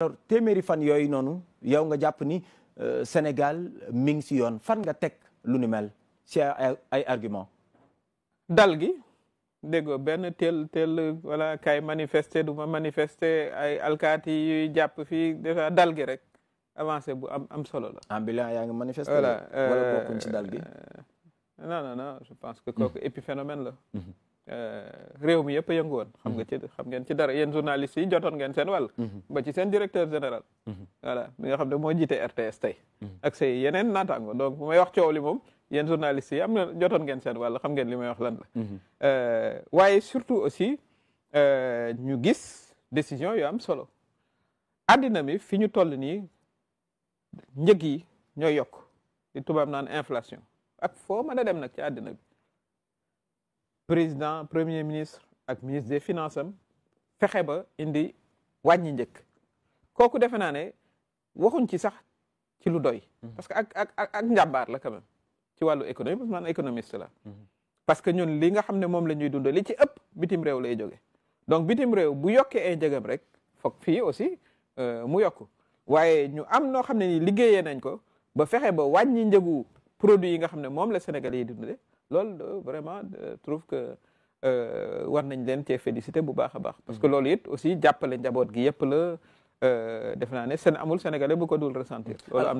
alors téeméeri fan yooyu noonu yow nga jàpp ni euh, Sénégal mi ngi si yoon fan nga teg lu ni mel si ay argument dal gi dégg benn teel teel voilà kay manifester du ma manifester ay alkaati jàpp fii déjà dal gi rek avancé bu am am solo la. ambulant yaa ngi manifester. voilà wala bokkuñ ci euh, dal gi. Euh, je pense que kooku hmm. épiphénomène la. Hmm. Euh, réew mi yëpp yëngu woon xam nga ci xam ngeen ci dara yéen journalistes yi jotoon ngeen seen wala mhm. ba ci seen directeur général mhm. voilà mi nga xam ne moo jiite RTS tey mhm. ak say yeneen naataango donc bu may wax coow li moom yéen yi am na jotoon ngeen seen wàll xam ngeen li may lan la euh, waaye surtout aussi euh, ñu gis décision yu am solo àddina mi fi ñu toll nii njëg yi ñooy yokk tubaab naan inflation ak foo mën a dem nag ci àddina bi président premier ministre ak ministre des finances am fexe ba indi wàññi njëkk kooku defe naa ne waxuñ ci sax ci lu doy. Mhm. parce que ak ak ak ak njàmbaar la quand ci wàllu économie parce que économiste la. Mhm. parce que ñun li nga xam ne moom la ñuy dundal li ci ëpp bitim réew lay joge donc bitim réew bu yokkee ay njëgam rek foog fii aussi euh, mu yokk waaye ñu am noo xam ne ni liggéeyee nañ ko ba fexe ba wàññi njëgu produit yi nga xam ne moom la Sénégalais yi dundee loolu vraiment trouve que euh, war nañ leen cee félicité bu baax a baax. parce que mm-hmm. loolu it aussi jàppale njaboot gi yëpp la euh, def naa ne seen amul Sénégalais bu ko dul ressentir. loolu